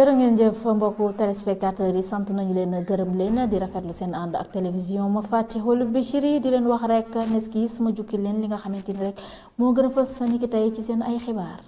jërë ngeen jëf mbokku téléspectateurs yi sant nañu leen gërëm leen di rafet lu seen ànd ak télévision ma fàttixul Bichri di leen wax rek nes ki ma jukki leen li nga xamante ni rek moo gën a fës niki tey ci seen ay xibaar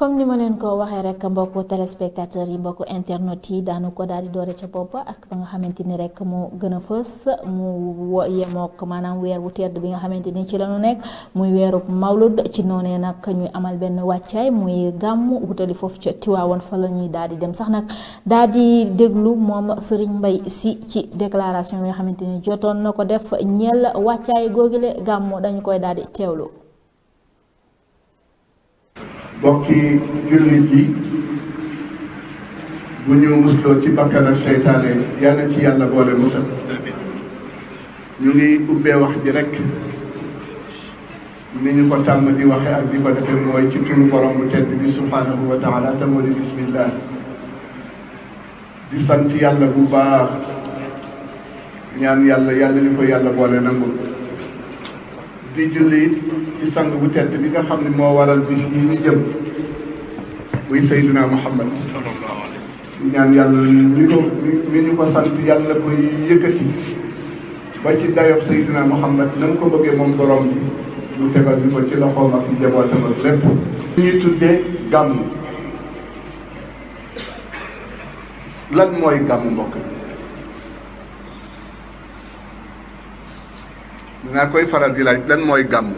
comme ni ma leen ko waxee rek mbokku téléspectateur yi mbokku internet yi daanu ko daal di doore ca bopp ak ba nga xamante ni rek moo gën a fës mu yemook maanaam weer wu tedd bi nga xamante ni ci la nekk muy weeru mawlud ci noonee nag ñuy amal benn wàccaay muy gàmm wutali foofu ca Tiwaawoon fa la ñuy daal di dem sax nag daal di déglu moom Serigne mbay si ci déclaration bi nga xamante ni jotoon na ko def ñeel wàccaay googule gàmm dañu koy daal di teewlu. bokki jullit yi bu ñu musloo ci bakkan ak seytaane yàlla ci yàlla boole musal ñu ngi ubbee wax ji rek ni ñu ko tàmm di waxe ak di ko defe mooy ci turu borom bu tedd bi subhaanahu wa taala te moo di sant yàlla bu baax ñaan yàlla yàlla ñu ko yàlla boole nangul di julli ci sang bu tedd bi nga xam ne moo waral bis yi ñu jëm muy Seydina Muhammad ñaan yàlla ñu ko mi ñu ko sant yàlla ko yëkkati ba ci dayof Seydina Muhammad na mu ko bëggee moom borom bi mu tegal bi ko ci loxoom ak njabootam ak lépp ñuy tuddee gàmm lan mooy gàmm mbokk dinaa koy faral di laaj lan mooy gàmm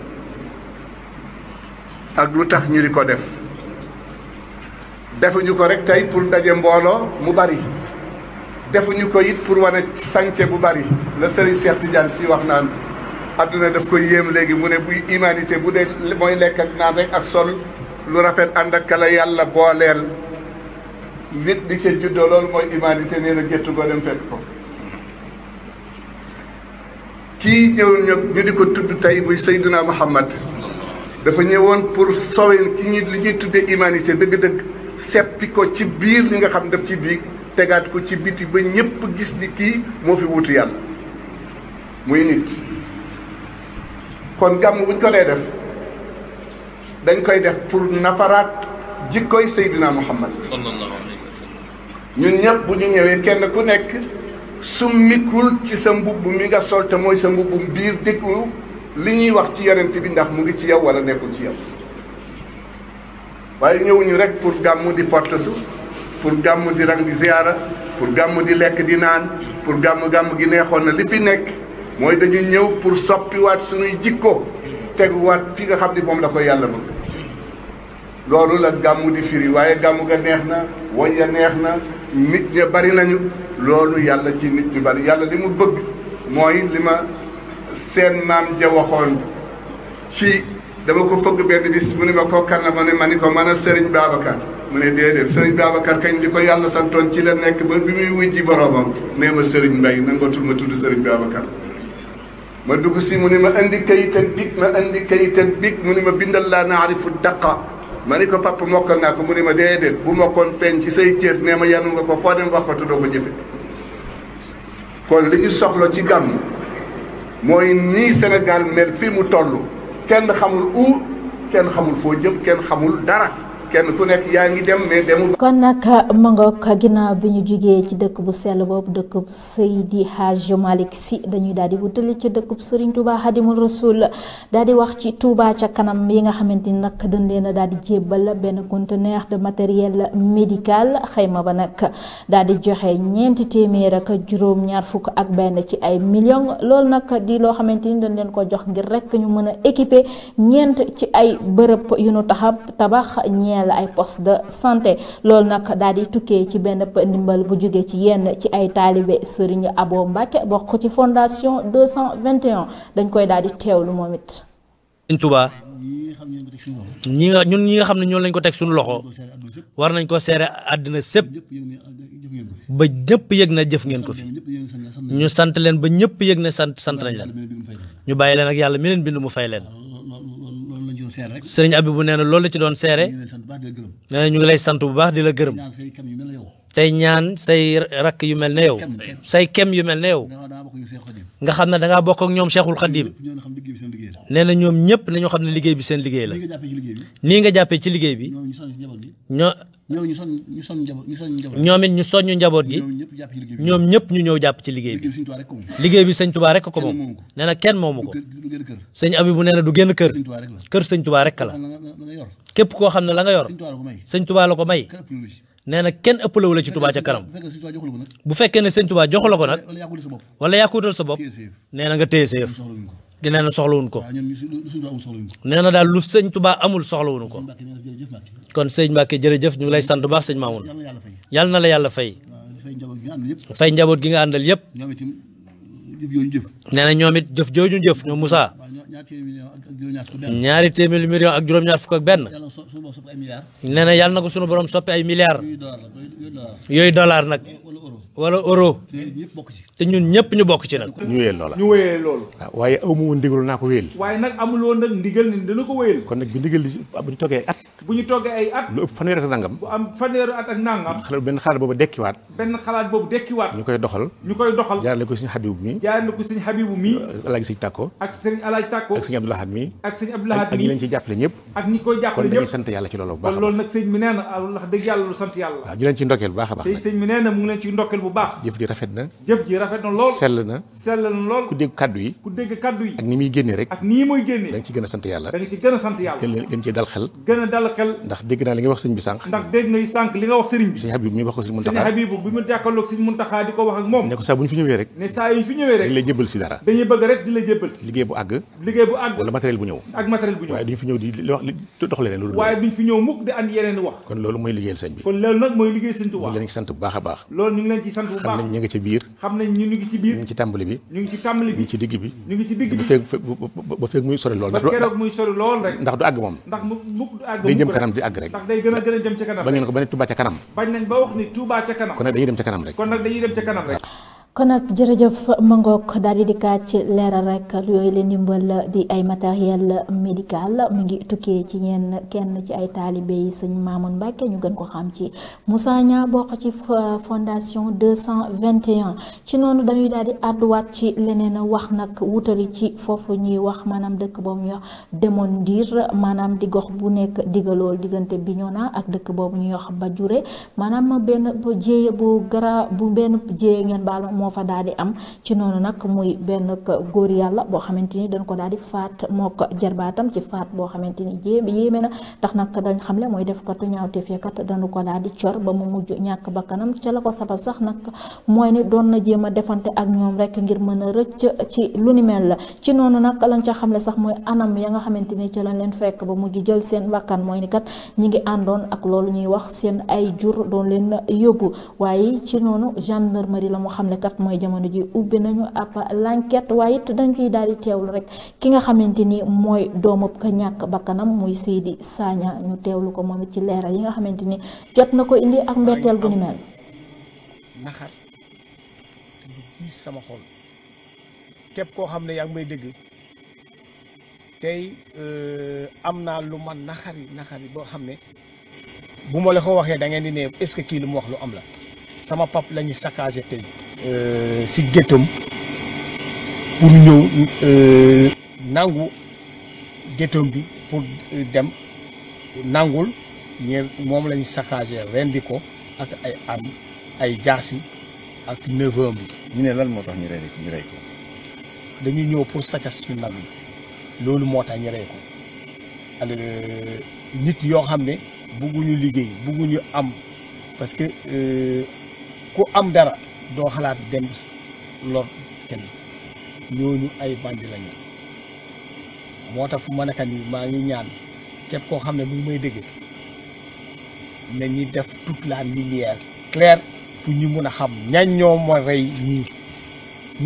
ak lu tax ñu di ko def defuñu ko rek tey pour daje mbooloo mu bari defuñu ko it pour wane sance bu bari la Serigne Cheikh Tidiane si wax naan adduna daf koy yéem léegi mu ne buy humanité bu dee mooy lekk ak naan rek ak sol lu rafet ànd ak kala yàlla boo booleel nit di ca juddoo loolu mooy humanité nee na géttu ko dem fekk ko kii ñëw ñu di ko tudd tey muy Seydina Muhammad dafa ñëwoon pour sowen ki ñi li ñuy tuddee humanité dëgg-dëgg seppi ko ci biir li nga xam daf ci biig tegaat ko ci biti ba ñëpp gis ni kii moo fi wutu yàlla muy nit kon gàmm buñ ko dee def dañ koy def pour nafaraat jikkoy Seydina Muhammad ñun ñëpp bu ñu ñëwee kenn ku nekk summikul ci sa mbubb mi nga sol te mooy sa mbubbum biir déglu li ñuy wax ci yonent bi ndax mu ngi ci yow wala nekkul ci yow waaye ñëwuñu rek pour gàmmu di fortasu pour gàmmu di rang di ziyaara pour gàmmu di lekk di naan pour gàmmu-gàmmu gi neexoon na li fi nekk mooy dañu ñëw pour soppiwaat suñuy jikko teguwaat fi nga xam ni moom la ko yàlla bëgg loolu la gàmmu di firi waaye gàmmu ga neex na woy neex na nit ña bari nañu loolu yàlla ci nit ñu bari yàlla li mu bëgg mooy li ma seen maam ja waxoon ci dama ko fëgg benn bis mu ne ma ko kan la ma ne ma ni ko mën a sëriñ Babacar mu ne déedéet sëriñ Babacar kañ li ko yàlla santoon ci la nekk ba bi muy wuy ji boroomam nee ma sëriñ Mbay nangootul ma tudd sëriñ Babacar ma dugg si mu ne ma indi kayit ak big ma indi kayit ak mu ne ma bindal laa naarifu daqa ma ni ko papa mokkal naa ko mu ni ma dee bu mokkoon feeñ ci say cër nee ma yanu nga ko foo dem wax ko te doo ko jëfe kon li ñu soxla ci gàmm mooy nii Sénégal mel fi mu toll kenn xamul où kenn xamul foo jëm kenn xamul dara kenn ku nekk yaa ngi dem mais demul. kon nag mangook ginnaaw bi ñu jugee ci dëkk bu sell boobu dëkk bu di Hadj Malick Sy dañuy daal di wutali ci dëkk bu Serigne Touba Hadimul Rasoul daal di wax ci Touba ca kanam yi nga xamante ni nag dañ leen a daal di jébbal benn conteneur de matériel médical xayma ba nag daal di joxe ñeenti téeméer ak juróom-ñaar fukk ak benn ci ay million loolu nag di loo xamante ni dañ leen ko jox ngir rekk ñu mën a équiper ñeent ci ay bërëb yu nu tabax ñeel ay poste de santé loolu nag daal di tukkee ci benn ndimbal bu jóge ci yenn ci ay taalibe Serigne Abo Mbacke bokk ci fondation 221 dañ koy daal di teewlu moom it. Sëñ Tuubaa ñi nga ñun ñi nga xam ne ñoo lañ ko teg suñu loxo war nañ ko seere àddina sépp ba ñëpp yëg na jëf ngeen ko fi ñu sant leen ba ñëpp yëg na sant sant nañ leen ñu bàyyi leen ak yàlla mi leen bind mu fay leen. sëriñ Abibou nee na loolu la ci doon seere nee na ngi lay sant bu baax di la gërëm tey ñaan say rakk yu mel ne yow say kem yu mel ne yow nga xam ne da ngaa bokk ak ñoom Cheikhul Khadim nee na ñoom ñëpp nañoo xam ne liggéey bi seen liggéey la nii nga jàppee ci liggéey bi ñoo ñoom it ñu soññu njaboot gi ñoom ñëpp ñu ñëw jàpp ci liggéey bi liggéey bi sëñ Touba rek ko moom nee na kenn moomu ko sëñ abi bu nee na kër kër sëñ Touba rek la képp koo xam ne la nga yor sëñ Touba la ko may nee na kenn ëppalewu la ci tubaa ca kanam bu fekkee ne sëñ Touba joxu la ko nag wala yaa ko wutal sa bopp nee na nga téye séef di nee na soxlawuñ ko nee na daal lu sëñ Touba amul soxlawuñu ko kon sëñ Mbacke jërëjëf ñu ngi lay sant bu baax sëñ Mamoun yàlla na la yàlla fay fay njaboot gi nga àndal yëpp jëf jooju jëf. nee na ñoom it jëf jooju jëf ñoom Moussa. ñaari téeméeri million ak juróom-ñaar fukk ak benn. nee na yàlla na ko sunu borom ay milliards. yooyu dollar nag. wala euro. te ñun ñëpp ñu bokk ci nag. ñu wéyal loola ñu wéyal loolu. waaw ah, waaye amu woon ndigal naa ko wéyal. waaye nag amuloon nag ndigal ni dina ko wéyal. kon nag bi ndigal li bu ñu toggee at. bu ñu toggee ay at. lu ëpp fanweeri at ak nangam. bu am fanweeri at ak nangam. xalaat benn xalaat boobu ñu koy doxal. ñu koy doxal jaarale ko suñu xabibu mi. jaarale ko mi. alaaji sëñ tàkko. ak sëñ alaaji tàkko. ak sëñ leen ci jàppale bu baax a baax. kon loolu nag sëñ mi nee na ah, wax dëgg yàlla lu sant yàlla. ñu leen ci a baax. bu baax. jëf ji rafet na. lool. sell na. lool. ku dégg kaddu yi. ku dégg kaddu yi. ak ni muy génnee rek. nii muy génnee. da ci gën a sant yàlla. da ci gën a sant yàlla. gën a sant bu baax a baax. loolu ñu leen ci sant bu baax xam nañ ñu ngi ci biir nañ ñu ngi ci biir ñu ngi ci bi ñu ngi ci tàmbali bi ñu ngi ci digg bi ñu ngi ci digg muy sori lool ba keroog muy sori lool rek ndax du àgg moom ndax mukk du àgg day jëm kanam di àgg rek ndax day gën a gën a jëm ca kanam ba ngeen ko ba ca kanam bañ nañ ba wax ni Touba ca kanam kon nag dañuy dem ca kon nag dañuy dem ca kanam rek kon nag jërëjëf mangook daal di dikkaat ci leeral rek yooyu leen ndimbal di ay matériel médical mu ngi tukkee ci ñenn kenn ci ay taalibe yi sëñ Mamoun Mbacke ñu gën ko xam ci Moussa Niang bokk ci fondation 221 ci noonu dañuy daal di àdduwaat ci leneen wax nag wutali ci foofu ñuy wax maanaam dëkk boobu ñuy wax demoon diir maanaam di gox bu nekk digalool diggante Bignona ak dëkk boobu ñu wax Badiouré maanaam benn jéeye bu gara bu benn jéeye ngeen baal moo fa daal di am ci noonu nag muy benn góor yàlla boo xamante ni dañ ko daal di faat moo ko jarbaatam ci faat boo xamante ni yéeme na tax nag dañ xam ne mooy def katu ñaawteef ya kat dañu ko daal di cor ba mu mujj ñàkk bakkanam ca la ko sabab sax nag mooy ni doon na jéem a defante ak ñoom rek ngir mën a rëcc ci lu ni mel la ci noonu nag lañ ca xam ne sax mooy anam ya nga xamante ni ca lañ leen fekk ba mujj jël seen bakkan mooy ni kat ñi ngi àndoon ak loolu ñuy wax seen ay jur doon leen yóbbu waaye ci noonu gendarmerie moo xam kat mooy jamono ji ubbi nañu ab l'enquête waaye it dañ fiy daal di teewlu rek ki nga xamante ni mooy doomu ko ñàkk bakkanam muy Seydi Sagna ñu teewlu ko moom it ci leeral yi nga xamante ni jot na ko indi ak mbetteel bu ni mel. naxar te sama xol képp koo xam ne yaa ngi dégg tey euh, am naa lu man naxari naxari boo xam ne bu ma la ko waxee da ngeen di ne est-ce que kii lu mu wax lu am la. sama pap la ñu saccagé tey euh, si géttam pour ñëw euh, nangu géttam bi pour euh, dem nangul ñe moom la ñu saccagé rendi ko ak ay arme ay jaasi ak neveu bi. ñu ne lan moo tax ñu rey ko. dañuy ñëw pour sacas suñu nag yi loolu moo tax ñu rey ko nit yoo xam ne bugguñu liggéey bugguñu am parce que. ku am dara doo xalaat dem lor kenn ñooñu ay bandi lañu moo tax fu ma nekk nii maa ngi ñaan kepp koo xam ne mu may dégg na ñuy def toute la lumière claire pour ñu mun a xam ñañ ñoo ma rey ñii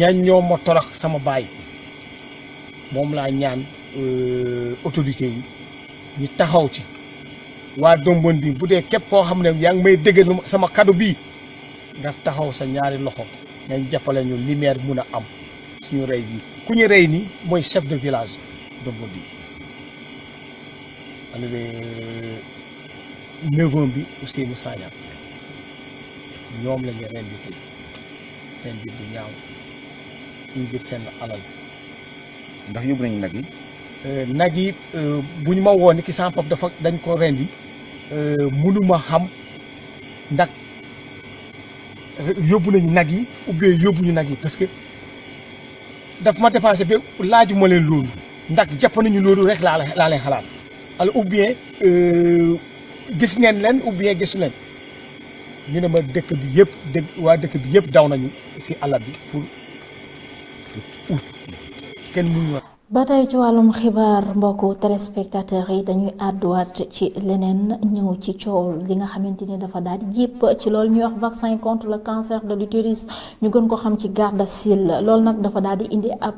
ñañ ñoo ma torox sama baay moom laa ñaan euh, autorité yi ñu taxaw ci waa Dombondi bu dee képp koo xam ne yaa ngi may dégg sama kàddu bii. nga taxaw sa ñaari loxo nga jàppale ñu lumière mun a am suñu rey bi ku ñu rey nii mooy chef de village de Mbodi alo neveu bi Ousseynou Sagna ñoom la ñu rendi tey rendi bu ñaaw ngir seen alal ndax yóbbu nañu nag yi euh, nag yi euh, bu ñu ma woon ki sama pap dafa dañ ko rendi euh, mënuma xam ndax yóbbu nañu nag yi ubbee yóbbu ñu nag yi parce que daf ma dépensé ba laajuma leen loolu ndax jàpp nañu loolu rek laa laa leen xalaat alors ou bien euh, gis ngeen leen ou bien gisu leen ñu ne ma dëkk bi yëpp dëkk waa dëkk bi yëpp daw nañu si àll bi pour ut kenn mënu ba tey ci wàllum xibaar mbokku téléspectateurs yi dañuy àdduwaat ci leneen ñëw ci coow li nga xamante ni dafa daal di ci loolu ñuy wax vaccin contre le cancer de l'utérus ñu gën ko xam ci Gardasil lool nag dafa daal di indi ab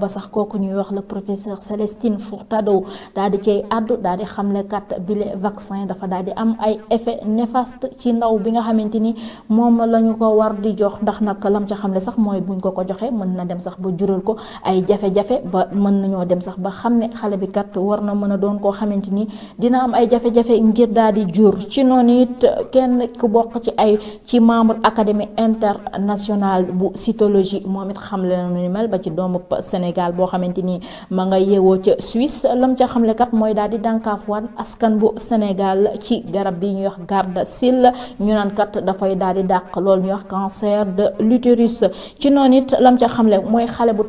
ba sax kooku ñuy wax le professeur Célestine Furtado daal di cay àddu daal di xamle kat bile vaccin dafa daal di am ay effet néfaste ci ndaw bi nga xamante ni moom la ñu ko war di jox ndax nag lam ca xamle sax mooy buñ ko ko joxee mën na dem sax ba jural ko ay jafe mën nañoo dem sax ba xam ne xale bi kat war na mën a doon koo xamante ni dina am ay jafe-jafe ngir daal di jur ci noonu it kenn ku bokk ci ay ci membre académie internationale bu cytologie moom it xam le na ni mel ba ci doomu Sénégal boo xamante ni ma nga yeewoo ca Suisse lam ca xamle kat mooy daal di dànkaafuwaat askan bu Sénégal ci garab bi ñuy wax Gardasil ñu naan kat dafay daal di dàq lool ñu wax cancer de l'utérus ci noonu lam ca xamle mooy xale bu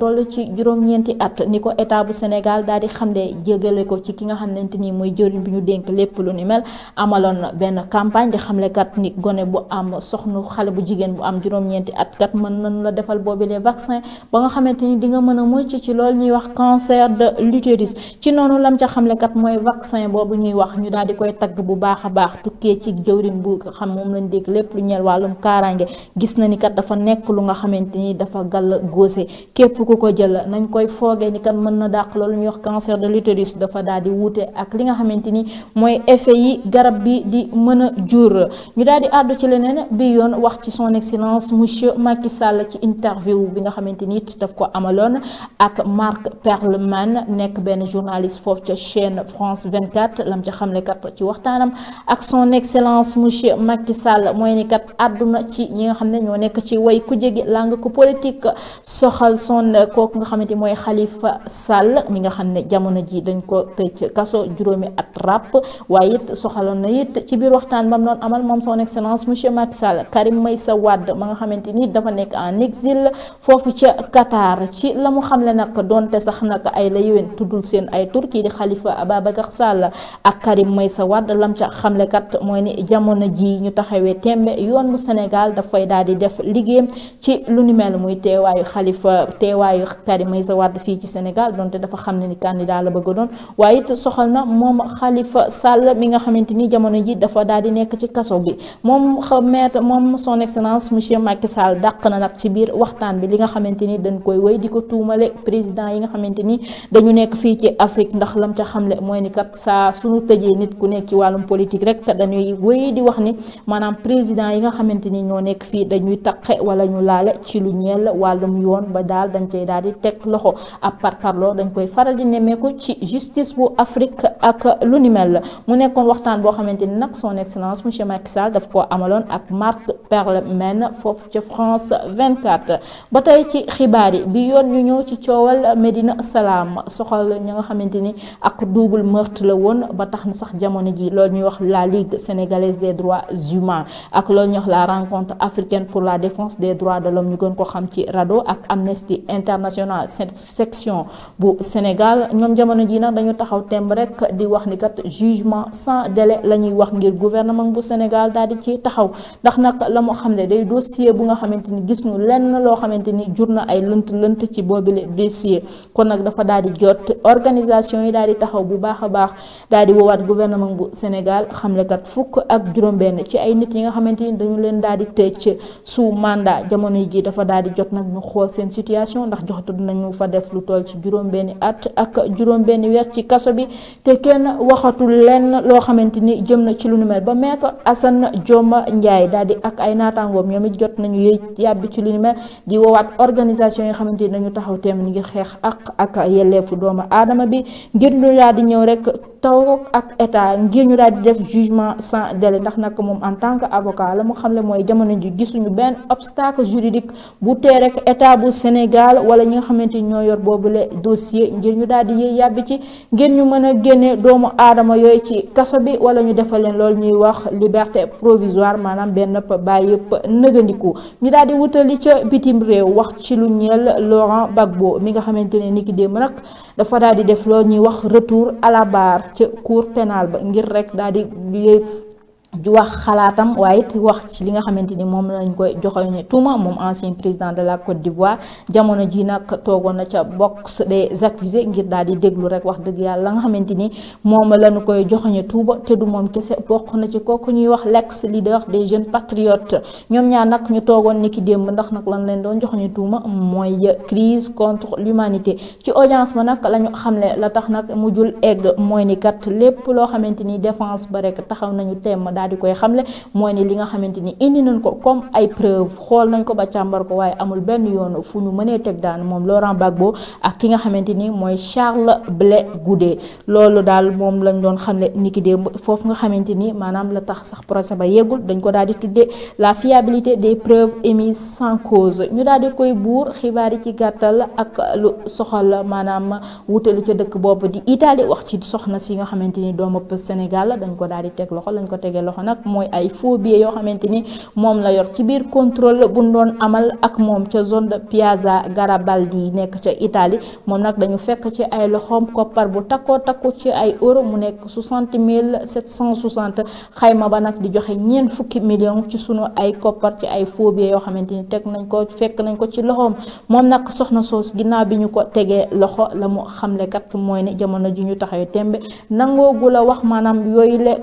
ko état bu Sénégal daal di xam ne jégale ko ci ki nga xam xamante ni mooy jëriñ bi ñu dénk lépp lu ni mel amaloon benn campagne di xamle kat ni gone bu am soxna xale bu jigéen bu am juróom-ñeenti at kat mën nañu la defal boobu les vaccins ba nga xamante ni di nga mën a mucc ci lool ñuy wax cancer de l'utérus ci noonu lam ca xamle kat mooy vaccin boobu ñuy wax ñu daal di koy tagg bu baax a baax tukkee ci jëwriñ bu xam moom lañ dégg lépp lu ñel wàllum kaaraange gis na ni kat dafa nekk lu nga xamante ni dafa gàll góose képp ku ko jël nañ koy foogee ni kat itam mën na dàq loolu ñuy wax cancer de l'utérus dafa daal di wuute ak li nga xamante ni mooy effet yi garab bi di mën a jur ñu daal di àddu ci leneen bi yoon wax ci son excellence monsieur Macky Sall ni it daf ko amaloon ak Marc Perelman nekk benn journaliste foofu ca chaîne France 24 lam ca xamle kat ci waxtaanam ak son excellence monsieur Macky Sall mooy ni kat àdduna ci ñi nga xam ne ñoo nekk ci way ku jegi làng ko politique soxal son kooku nga xamante mooy Khalifa Sall mi nga xam ne jamono ji dañ ko tëj kaso juróomi at ràpp waaye it soxaloon na it ci biir waxtaan bam doon amal moom son excellence monsieur Macky Sall Karim Meïssa Wade ma nga xamante ni dafa nekk en exil foofu ca Qatar ci la mu xamle nag donte sax nag ay la yéwén tuddul seen ay tur kii di Khalifa Ababacar Sall ak Karim Meïssa Wade lam ca xamle kat mooy ni jamono ji ñu taxawee tembe yoon bu Sénégal dafay daal di def liggéeyam ci lu ni mel muy teewaayu Khalifa teewaayu Karim Meïssa Wade fii ci Sénégal Sénégal donte dafa xam ne ni candidat la bëgg doon waaye it soxal na moom Khalifa Sall mi nga xamante ni jamono ji dafa daal di nekk ci kaso bi moom maître moom son excellence monsieur Macky Sall dàq na nag ci biir waxtaan bi li nga xamante ni dañ koy wéy di ko tuumale président yi nga xamante ni dañu nekk fii ci Afrique ndax lam ca xamle mooy ni kat saa suñu tëjee nit ku nekk ci wàllum politique rek dañuy wéy di wax ni maanaam président yi nga xamante ni ñoo nekk fii dañuy taqe wala ñu laale ci lu ñeel wàllum yoon ba daal dañ cay daal di teg loxo à jàkkaarloo dañ koy faral di nemmeeku ci justice bu Afrique ak lu ni mel mu nekkoon waxtaan boo xamante ni nag son excellence monsieur Macky Sall daf ko amaloon ak Marc Perelman foofu ca France 24 ba tey ci xibaar yi bi yoon ñu ñëw ci coowal Medina Salaam soxal ña nga xamante ni ak double meurtre la woon ba tax na sax jamono ji loolu ñuy wax la Ligue sénégalaise des droits humains ak loolu ñuy wax la rencontre africaine pour la défense des droits de l'homme ñu gën ko xam ci RADDHO ak Amnesty International section constitution bu Sénégal ñoom jamono ji nag dañu taxaw temb rek di wax ni kat jugement sans délai la ñuy wax ngir gouvernement bu Sénégal daal di ci taxaw ndax nag la mu xam ne day dossier bu nga xamante ni gis ñu lenn loo xamante ni jur na ay lënt lënt ci boobile dossier kon nag dafa daal di jot organisation yi daal di taxaw bu baax a baax daal di woowaat gouvernement bu Sénégal xamle kat fukk ak juróom-benn ci ay nit yi nga xamante ni dañu leen daal di tëj su mandat jamono ji dafa daal di jot nag ñu xool seen situation ndax joxatu nañu fa ci juróom-benni at ak juróom-benni weer ci kaso bi te kenn waxatul lenn loo xamante ni jëm na ci lu nu mel ba maître Assane Dioma Ndiaye daal di ak ay naataangoom ñoom it jot nañu yëy yàbbi ci lu nu mel di woowaat organisation yi xamante ni dañu taxaw teem ni ngir xeex ak ak yelleefu dooma aadama bi ngir ñu daal di ñëw rek taw ak état ngir ñu daal di def jugement sans délai ndax nag moom en tant que avocat la mu xamle mooy jamono ji gisuñu benn obstacle juridique bu tee rek état yile dossier ngir ñu daal di yëy yàbbi ci ngir ñu mën a génne doomu aadama yooyu ci kaso bi wala ñu defal leen loolu ñuy wax liberté provisoire maanaam benn baay yëpp nëgandiku ñu daal di wutali ca bitim réew wax ci lu ñeel Laurent boo mi nga xamante ne ni ki démb nag dafa daal di def loolu ñuy wax retour à ca cour pénale ba ngir rek daal di ju wax xalaatam waaye it wax ci li nga xamante ni moom lañu koy joxoñ tuuma moom ancien président de la Côte d'Ivoire jamono ji nag toogoon na ca box des accusés ngir daal di déglu rek wax dëgg yàlla nga xamante ni moom lañ koy joxoñ tuuba te du moom kese bokk na ci kooku ñuy wax l'ex leader des jeunes patriotes ñoom ñaar nak ñu toogoon ni ki démb ndax nag lan leen doon joxoñ tuuma mooy crise contre l'humanité ci audience ma nag la ñu xamle la tax nag mujjul egg mooy ni kat lépp loo xamante ni défense ba rek taxaw nañu temm daal di koy xamle mooy ne li nga xamante ni indi nañ ko comme ay xool nañ ko ba càmbar ko waaye amul benn yoon fu ñu mënee teg daan moom Laurent ak ki nga xamante ni mooy Charles Blé Goudé loolu daal moom lañ doon xamle niki démb foofu nga xamante ni maanaam la tax sax procès ba yeggul dañ ko daal di tuddee la fiabilité des preuves émises sans cause ñu daal di koy buur xibaar yi ci gàttal ak lu soxal maanaam wutali ca dëkk boobu di Italie wax ci soxna si nga xamante ni doomu Sénégal dañ ko daal di teg loxo lañ ko tegee loxo loxo nag mooy ay faux yoo xamante ni moom la yor ci biir contrôle bu doon amal ak moom ca zone de Piazza Garibaldi nekk ca itali moom nag dañu fekk ci ay loxoom koppar bu takkoo takku ci ay euro mu nekk 60 760 xayma ba nag di joxe ñeent fukki million ci sunu ay koppar ci ay faux yoo xamante ni teg nañ ko fekk nañ ko ci loxoom moom nag soxna soos ginnaaw bi ñu ko tegee loxo la mu xamle kat mooy ne jamono ji ñu taxawee tembe nangoogu wax maanaam yooyu le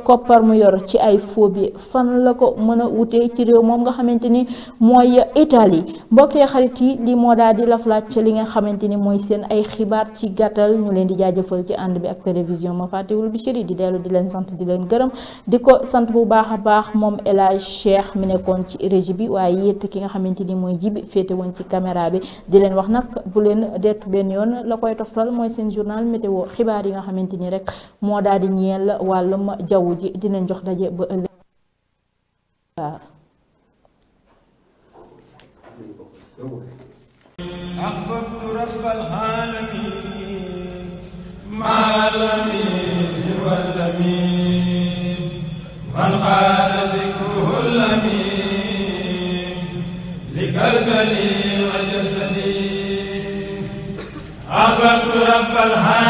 foo bi fan la ko mën a wutee ci réew moom nga xamante ni mooy Italie mbokkee xarit yi lii moo daal di laflaaj ci li nga xamante ni mooy seen ay xibaar ci gàttal ñu leen di jaajëfal ci ànd bi ak télévision ma fàttewul Bichri di dellu di leen sant di leen gërëm di ko sant bu baax a baax moom El Hadj Cheikh mi nekkoon ci régie bi waaye yétt ki nga xamante ni mooy jibi féete woon ci caméra bi di leen wax nag bu leen dettu benn yoon la koy toftal mooy seen journal météo xibaar yi nga xamante ni rek moo daal di ñeel wàllum jaww ji dinañ jox daje أحببت رب العالمين مع الأمين والأمين من قال ذكره الأمين لقلبني وجسدي أحببت رب العالمين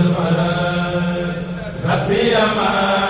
الخلق ربي ما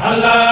Allah